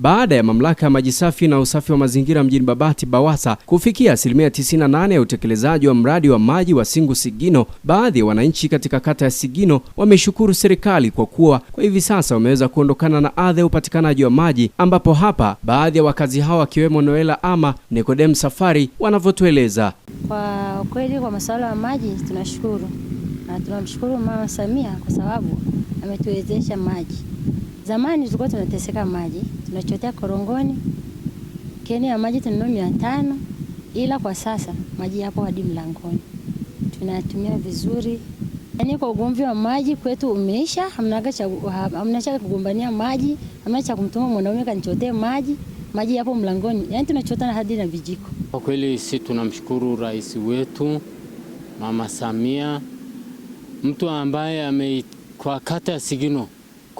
baada ya mamlaka ya maji safi na usafi wa mazingira mjini Babati BAWASA kufikia asilimia 98 ya utekelezaji wa mradi wa maji wa Singu Sigino, baadhi ya wananchi katika kata ya Sigino wameshukuru serikali kwa kuwa kwa hivi sasa wameweza kuondokana na adha ya upatikanaji wa maji, ambapo hapa baadhi ya wakazi hao wakiwemo Noela ama nikodemu Safari wanavyotueleza. Kwa kweli kwa masuala ya maji tunashukuru na tunamshukuru Mama Samia kwa sababu ametuwezesha maji Zamani tulikuwa tunateseka maji, tunachotea korongoni, keni ya maji tunanua mia tano, ila kwa sasa maji yapo hadi mlangoni, tunayatumia vizuri. Yaani kwa ugomvi wa maji kwetu umeisha, hamna cha kugombania maji, hamna cha kumtuma mwanaume kanichotee maji, maji yapo mlangoni, yaani na hadi na vijiko. Kwa kweli si tunamshukuru rais wetu Mama Samia, mtu ambaye ame kwa kata ya Sigino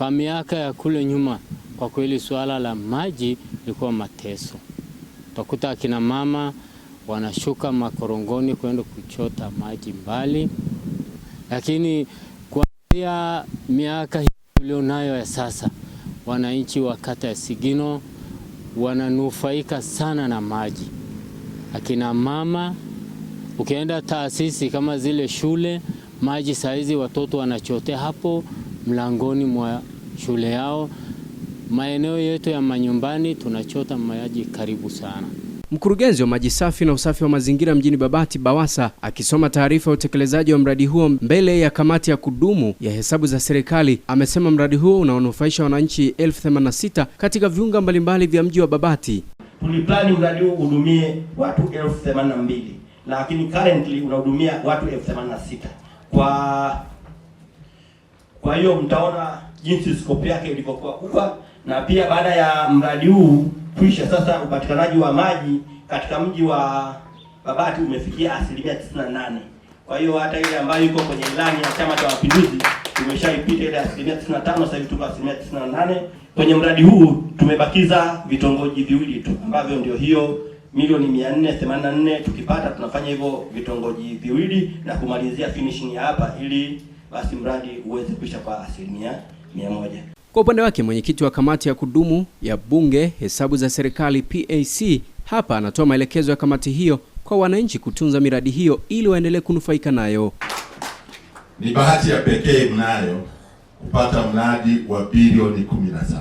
kwa miaka ya kule nyuma, kwa kweli suala la maji lilikuwa mateso. Utakuta akina mama wanashuka makorongoni kwenda kuchota maji mbali, lakini kuanzia miaka hii tulionayo ya sasa, wananchi wa kata ya Sigino wananufaika sana na maji. Akina mama, ukienda taasisi kama zile shule, maji saizi watoto wanachotea hapo mlangoni mwa shule yao, maeneo yetu ya manyumbani tunachota maji karibu sana. Mkurugenzi wa maji safi na usafi wa mazingira mjini Babati BAWASA akisoma taarifa ya utekelezaji wa mradi huo mbele ya kamati ya kudumu ya hesabu za serikali amesema mradi huo unaonufaisha wananchi 1086 katika viunga mbalimbali vya mji wa Babati. Tulipani mradi huo uhudumie watu 1082 lakini currently unahudumia watu 1086. kwa kwa hiyo mtaona jinsi scope yake ilivyokuwa kubwa, na pia baada ya mradi huu kuisha, sasa upatikanaji wa maji katika mji wa Babati umefikia asilimia 98. Kwa hiyo hata ile ambayo iko kwenye ilani ya Chama cha Mapinduzi tumeshaipita ile asilimia 95, sasa hivi tuko asilimia 98. Kwenye mradi huu tumebakiza vitongoji viwili tu ambavyo ndio hiyo milioni 484 tukipata, tunafanya hivyo vitongoji viwili na kumalizia finishing hapa, ili basi mradi uweze kuisha kwa asilimia 100. Kwa upande wake mwenyekiti wa kamati ya kudumu ya bunge hesabu za serikali PAC hapa anatoa maelekezo ya kamati hiyo kwa wananchi kutunza miradi hiyo ili waendelee kunufaika nayo. Ni bahati ya pekee mnayo kupata mradi wa bilioni 17.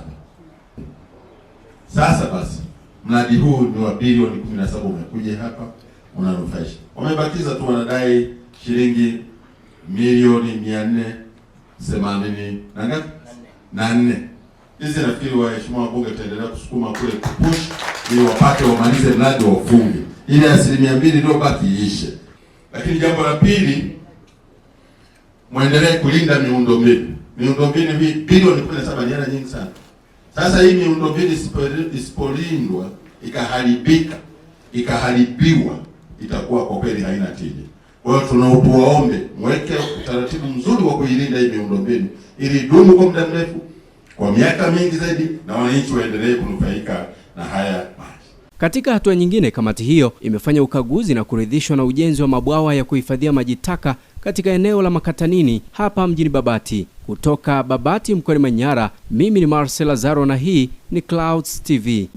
Sasa basi mradi huu ni wa bilioni 17 umekuja hapa unanufaisha. Wamebakiza tu wanadai shilingi milioni 480 na ngapi? na nne. Hizi nafikiri waheshimiwa wabunge tutaendelea kusukuma kule kupush ili wapate wamalize mradi wa ufungi ili asilimia mbili iliyobaki iishe. Lakini jambo la pili, mwendelee kulinda miundombinu. Miundombinu hii bilioni saba ni hela nyingi sana. Sasa hii miundombinu isipolindwa, ikaharibika, ikaharibiwa, itakuwa kwa kweli haina tija. Kwa hiyo tunatuwaombe mweke utaratibu mzuri wa kuilinda hii miundombinu ili idumu kwa muda mrefu, kwa miaka mingi zaidi, na wananchi waendelee kunufaika na haya maji. Katika hatua nyingine, kamati hiyo imefanya ukaguzi na kuridhishwa na ujenzi wa mabwawa ya kuhifadhia maji taka katika eneo la Makatanini hapa mjini Babati. Kutoka Babati mkoani Manyara, mimi ni Marcel Lazaro na hii ni Clouds TV.